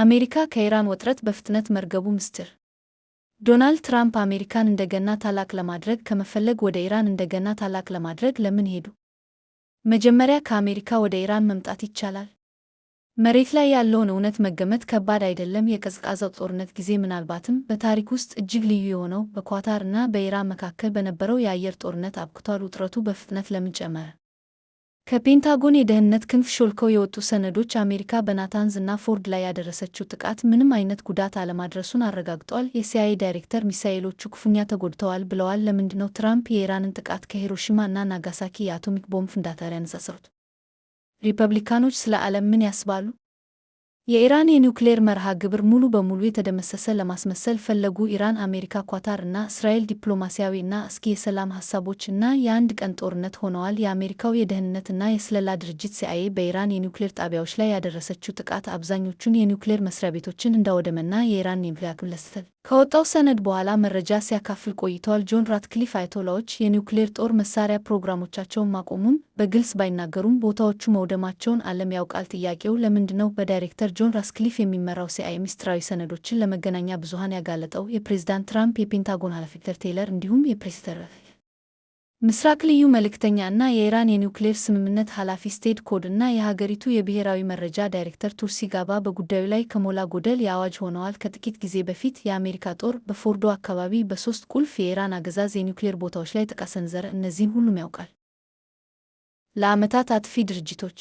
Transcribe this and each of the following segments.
አሜሪካ ከኢራን ውጥረት በፍጥነት መርገቡ ምስጢር። ዶናልድ ትራምፕ አሜሪካን እንደገና ታላቅ ለማድረግ ከመፈለግ ወደ ኢራን እንደገና ታላቅ ለማድረግ ለምን ሄዱ? መጀመሪያ ከአሜሪካ ወደ ኢራን መምጣት ይቻላል። መሬት ላይ ያለውን እውነት መገመት ከባድ አይደለም። የቀዝቃዛው ጦርነት ጊዜ ምናልባትም በታሪክ ውስጥ እጅግ ልዩ የሆነው በኳታር እና በኢራን መካከል በነበረው የአየር ጦርነት አብክቷል። ውጥረቱ በፍጥነት ለምን ጨመረ? ከፔንታጎን የደህንነት ክንፍ ሾልከው የወጡ ሰነዶች አሜሪካ በናታንዝ እና ፎርድ ላይ ያደረሰችው ጥቃት ምንም አይነት ጉዳት አለማድረሱን አረጋግጧል። የሲአይኤ ዳይሬክተር ሚሳኤሎቹ ክፉኛ ተጎድተዋል ብለዋል። ነው ትራምፕ የኢራንን ጥቃት ከሂሮሺማ እና ናጋሳኪ የአቶሚክ ቦምብ ፍንዳታ ጋር ሪፐብሊካኖች ስለ ዓለም ምን ያስባሉ? የኢራን የኒውክሌር መርሃ ግብር ሙሉ በሙሉ የተደመሰሰ ለማስመሰል ፈለጉ። ኢራን፣ አሜሪካ፣ ኳታር እና እስራኤል ዲፕሎማሲያዊ እና እስኪ የሰላም ሀሳቦች እና የአንድ ቀን ጦርነት ሆነዋል። የአሜሪካው የደህንነትና የስለላ ድርጅት ሲአይኤ በኢራን የኒውክሌር ጣቢያዎች ላይ ያደረሰችው ጥቃት አብዛኞቹን የኒውክሌር መስሪያ ቤቶችን እንዳወደመና የኢራን የኒውክሌር ከወጣው ሰነድ በኋላ መረጃ ሲያካፍል ቆይተዋል። ጆን ራትክሊፍ አያቶላዎች የኒውክሌር ጦር መሳሪያ ፕሮግራሞቻቸውን ማቆሙን በግልጽ ባይናገሩም ቦታዎቹ መውደማቸውን ዓለም ያውቃል። ጥያቄው ለምንድነው በዳይሬክተር ጆን ራትክሊፍ የሚመራው ሲአይ ሚስጥራዊ ሰነዶችን ለመገናኛ ብዙሃን ያጋለጠው? የፕሬዝዳንት ትራምፕ የፔንታጎን ኃላፊ ፒተር ቴለር እንዲሁም የፕሬስ ምስራቅ ልዩ መልእክተኛ እና የኢራን የኒውክሌር ስምምነት ኃላፊ ስቴድ ኮድ እና የሀገሪቱ የብሔራዊ መረጃ ዳይሬክተር ቱርሲ ጋባ በጉዳዩ ላይ ከሞላ ጎደል የአዋጅ ሆነዋል። ከጥቂት ጊዜ በፊት የአሜሪካ ጦር በፎርዶ አካባቢ በሶስት ቁልፍ የኢራን አገዛዝ የኒውክሌር ቦታዎች ላይ ጥቃት ሰነዘረ። እነዚህን ሁሉም ያውቃል። ለዓመታት አጥፊ ድርጅቶች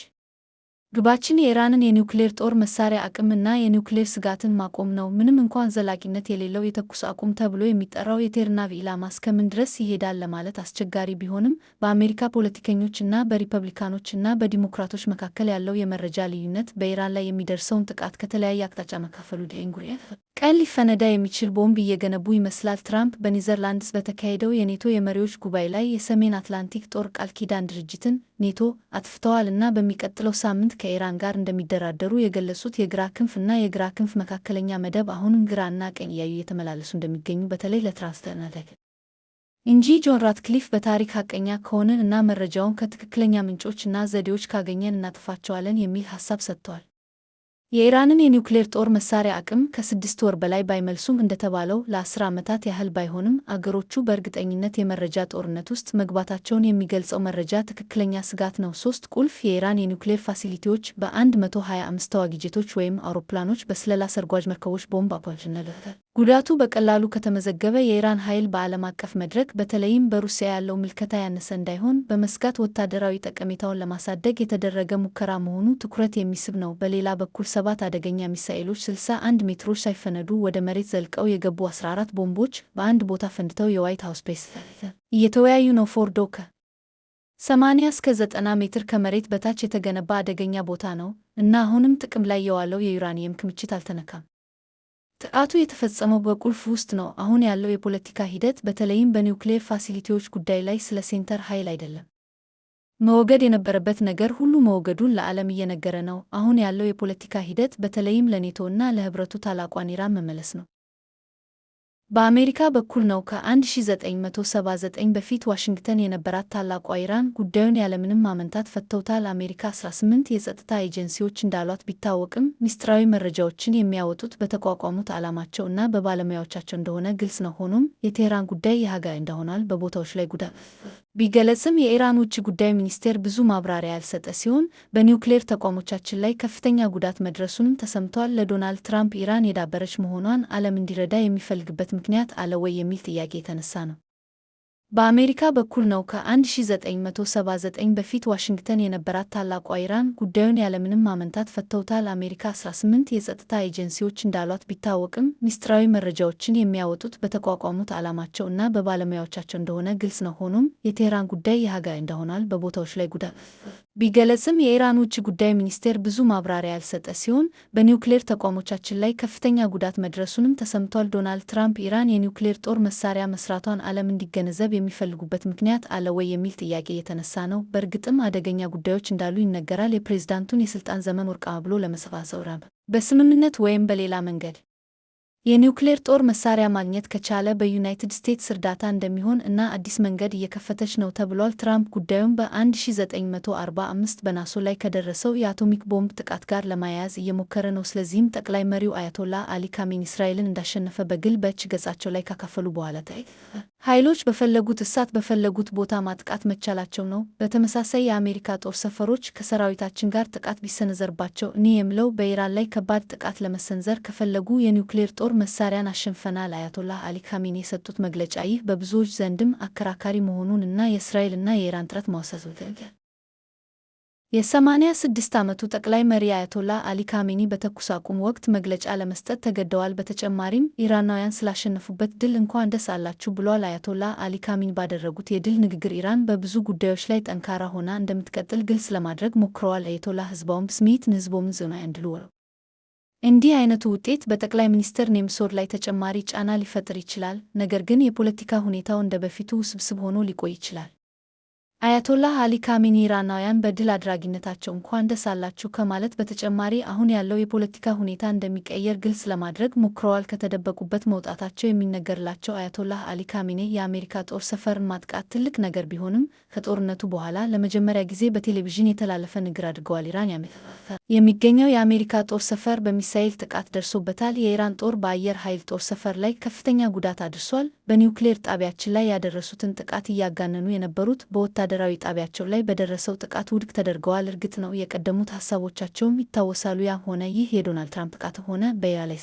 ግባችን የኢራንን የኒውክሌር ጦር መሳሪያ አቅምና የኒውክሌር ስጋትን ማቆም ነው። ምንም እንኳን ዘላቂነት የሌለው የተኩስ አቁም ተብሎ የሚጠራው የቴርናቪ ኢላማ እስከምን ድረስ ይሄዳል ለማለት አስቸጋሪ ቢሆንም በአሜሪካ ፖለቲከኞችና በሪፐብሊካኖችና በዲሞክራቶች መካከል ያለው የመረጃ ልዩነት በኢራን ላይ የሚደርሰውን ጥቃት ከተለያየ አቅጣጫ መካፈሉ ዴንጉሪየፍ ቀን ሊፈነዳ የሚችል ቦምብ እየገነቡ ይመስላል። ትራምፕ በኔዘርላንድስ በተካሄደው የኔቶ የመሪዎች ጉባኤ ላይ የሰሜን አትላንቲክ ጦር ቃል ኪዳን ድርጅትን ኔቶ አጥፍተዋል እና በሚቀጥለው ሳምንት ከኢራን ጋር እንደሚደራደሩ የገለጹት የግራ ክንፍ እና የግራ ክንፍ መካከለኛ መደብ አሁንም ግራና ቀኝ እያዩ እየተመላለሱ እንደሚገኙ በተለይ ለትራስተናተክ እንጂ ጆን ራትክሊፍ በታሪክ ሀቀኛ ከሆንን እና መረጃውን ከትክክለኛ ምንጮች እና ዘዴዎች ካገኘን እናጥፋቸዋለን የሚል ሀሳብ ሰጥተዋል። የኢራንን የኒውክሌር ጦር መሳሪያ አቅም ከስድስት ወር በላይ ባይመልሱም እንደተባለው ለአስር ዓመታት ያህል ባይሆንም አገሮቹ በእርግጠኝነት የመረጃ ጦርነት ውስጥ መግባታቸውን የሚገልጸው መረጃ ትክክለኛ ስጋት ነው። ሶስት ቁልፍ የኢራን የኒውክሌር ፋሲሊቲዎች በ125 ተዋጊ ጄቶች ወይም አውሮፕላኖች፣ በስለላ ሰርጓጅ መርከቦች፣ ቦምብ አፖልሽነለታል። ጉዳቱ በቀላሉ ከተመዘገበ የኢራን ኃይል በዓለም አቀፍ መድረክ በተለይም በሩሲያ ያለው ምልከታ ያነሰ እንዳይሆን በመስጋት ወታደራዊ ጠቀሜታውን ለማሳደግ የተደረገ ሙከራ መሆኑ ትኩረት የሚስብ ነው። በሌላ በኩል ሰባት አደገኛ ሚሳኤሎች 61 ሜትሮች ሳይፈነዱ ወደ መሬት ዘልቀው የገቡ 14 ቦምቦች በአንድ ቦታ ፈንድተው የዋይት ሀውስ ፔስ እየተወያዩ ነው። ፎርዶ ከ 80 እስከ 90 ሜትር ከመሬት በታች የተገነባ አደገኛ ቦታ ነው እና አሁንም ጥቅም ላይ የዋለው የዩራኒየም ክምችት አልተነካም። ጥቃቱ የተፈጸመው በቁልፍ ውስጥ ነው። አሁን ያለው የፖለቲካ ሂደት በተለይም በኒውክሌር ፋሲሊቲዎች ጉዳይ ላይ ስለ ሴንተር ኃይል አይደለም። መወገድ የነበረበት ነገር ሁሉ መወገዱን ለዓለም እየነገረ ነው። አሁን ያለው የፖለቲካ ሂደት በተለይም ለኔቶ እና ለህብረቱ ታላቋን ኢራን መመለስ ነው። በአሜሪካ በኩል ነው። ከ1979 በፊት ዋሽንግተን የነበራት ታላቋ ኢራን ጉዳዩን ያለምንም ማመንታት ፈተውታል። አሜሪካ 18 የጸጥታ ኤጀንሲዎች እንዳሏት ቢታወቅም ሚስጥራዊ መረጃዎችን የሚያወጡት በተቋቋሙት ዓላማቸው እና በባለሙያዎቻቸው እንደሆነ ግልጽ ነው። ሆኖም የቴህራን ጉዳይ የሀጋ እንደሆናል በቦታዎች ላይ ጉዳት ቢገለጽም የኢራን ውጭ ጉዳይ ሚኒስቴር ብዙ ማብራሪያ ያልሰጠ ሲሆን በኒውክሌር ተቋሞቻችን ላይ ከፍተኛ ጉዳት መድረሱንም ተሰምቷል። ለዶናልድ ትራምፕ ኢራን የዳበረች መሆኗን ዓለም እንዲረዳ የሚፈልግበት ምክንያት አለ ወይ የሚል ጥያቄ የተነሳ ነው። በአሜሪካ በኩል ነው። ከ1979 በፊት ዋሽንግተን የነበራት ታላቋ ኢራን ጉዳዩን ያለምንም ማመንታት ፈተውታል። አሜሪካ 18 የጸጥታ ኤጀንሲዎች እንዳሏት ቢታወቅም ሚስጥራዊ መረጃዎችን የሚያወጡት በተቋቋሙት ዓላማቸው እና በባለሙያዎቻቸው እንደሆነ ግልጽ ነው። ሆኖም የቴህራን ጉዳይ የሀጋ እንደሆናል በቦታዎች ላይ ጉዳት ቢገለጽም የኢራን ውጭ ጉዳይ ሚኒስቴር ብዙ ማብራሪያ ያልሰጠ ሲሆን በኒውክሌር ተቋሞቻችን ላይ ከፍተኛ ጉዳት መድረሱንም ተሰምቷል። ዶናልድ ትራምፕ ኢራን የኒውክሌር ጦር መሳሪያ መስራቷን ዓለም እንዲገነዘብ የሚፈልጉበት ምክንያት አለ ወይ የሚል ጥያቄ የተነሳ ነው። በእርግጥም አደገኛ ጉዳዮች እንዳሉ ይነገራል። የፕሬዝዳንቱን የስልጣን ዘመን ወርቃ ብሎ ለመሰባሰብ በስምምነት ወይም በሌላ መንገድ የኒውክሌር ጦር መሳሪያ ማግኘት ከቻለ በዩናይትድ ስቴትስ እርዳታ እንደሚሆን እና አዲስ መንገድ እየከፈተች ነው ተብሏል። ትራምፕ ጉዳዩን በ1945 በናሶ ላይ ከደረሰው የአቶሚክ ቦምብ ጥቃት ጋር ለማያያዝ እየሞከረ ነው። ስለዚህም ጠቅላይ መሪው አያቶላ አሊ ካሜኒ እስራኤልን እንዳሸነፈ በግል በች ገጻቸው ላይ ካካፈሉ በኋላ ታይ ኃይሎች በፈለጉት እሳት በፈለጉት ቦታ ማጥቃት መቻላቸው ነው። በተመሳሳይ የአሜሪካ ጦር ሰፈሮች ከሰራዊታችን ጋር ጥቃት ቢሰነዘርባቸው እኒህ የምለው በኢራን ላይ ከባድ ጥቃት ለመሰንዘር ከፈለጉ የኒውክሌር ጦር መሳሪያን አሸንፈናል። አያቶላህ አሊ ካሚኒ የሰጡት መግለጫ ይህ በብዙዎች ዘንድም አከራካሪ መሆኑን እና የእስራኤል እና የኢራን ጥረት ማውሳት የ86 ዓመቱ ጠቅላይ መሪ አያቶላ አሊ ካሜኒ በተኩስ አቁም ወቅት መግለጫ ለመስጠት ተገደዋል። በተጨማሪም ኢራናውያን ስላሸነፉበት ድል እንኳን ደስ አላችሁ ብሏል። አያቶላ አሊ ካሜኒ ባደረጉት የድል ንግግር ኢራን በብዙ ጉዳዮች ላይ ጠንካራ ሆና እንደምትቀጥል ግልጽ ለማድረግ ሞክረዋል። አያቶላ ህዝባውም ስሜት ንህዝቦም ዝና ያንድልወ እንዲህ አይነቱ ውጤት በጠቅላይ ሚኒስትር ኔምሶር ላይ ተጨማሪ ጫና ሊፈጥር ይችላል። ነገር ግን የፖለቲካ ሁኔታው እንደ በፊቱ ውስብስብ ሆኖ ሊቆይ ይችላል። አያቶላህ አሊ ካሚኒ ኢራናውያን በድል አድራጊነታቸው እንኳን ደስ አላችሁ ከማለት በተጨማሪ አሁን ያለው የፖለቲካ ሁኔታ እንደሚቀየር ግልጽ ለማድረግ ሞክረዋል። ከተደበቁበት መውጣታቸው የሚነገርላቸው አያቶላህ አሊ ካሚኔ የአሜሪካ ጦር ሰፈርን ማጥቃት ትልቅ ነገር ቢሆንም ከጦርነቱ በኋላ ለመጀመሪያ ጊዜ በቴሌቪዥን የተላለፈ ንግር አድርገዋል። ኢራን የሚገኘው የአሜሪካ ጦር ሰፈር በሚሳኤል ጥቃት ደርሶበታል። የኢራን ጦር በአየር ኃይል ጦር ሰፈር ላይ ከፍተኛ ጉዳት አድርሷል። በኒውክሌር ጣቢያችን ላይ ያደረሱትን ጥቃት እያጋነኑ የነበሩት በወታደ ወታደራዊ ጣቢያቸው ላይ በደረሰው ጥቃት ውድቅ ተደርገዋል። እርግጥ ነው የቀደሙት ሀሳቦቻቸውም ይታወሳሉ። ያም ሆነ ይህ የዶናልድ ትራምፕ ጥቃት ሆነ በያ ላይ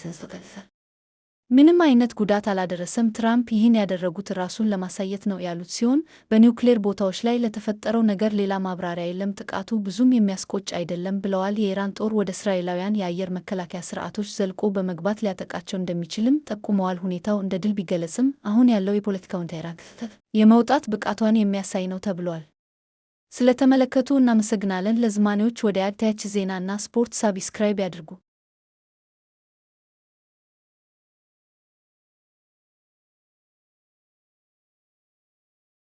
ምንም አይነት ጉዳት አላደረሰም። ትራምፕ ይህን ያደረጉት ራሱን ለማሳየት ነው ያሉት ሲሆን በኒውክሌር ቦታዎች ላይ ለተፈጠረው ነገር ሌላ ማብራሪያ የለም፣ ጥቃቱ ብዙም የሚያስቆጭ አይደለም ብለዋል። የኢራን ጦር ወደ እስራኤላውያን የአየር መከላከያ ስርዓቶች ዘልቆ በመግባት ሊያጠቃቸው እንደሚችልም ጠቁመዋል። ሁኔታው እንደ ድል ቢገለጽም አሁን ያለው የፖለቲካውን ተይራን የመውጣት ብቃቷን የሚያሳይ ነው ተብሏል። ስለተመለከቱ እናመሰግናለን። ለዝማኔዎች ወደ አዲያች ዜናና ስፖርት ሳብስክራይብ ያድርጉ።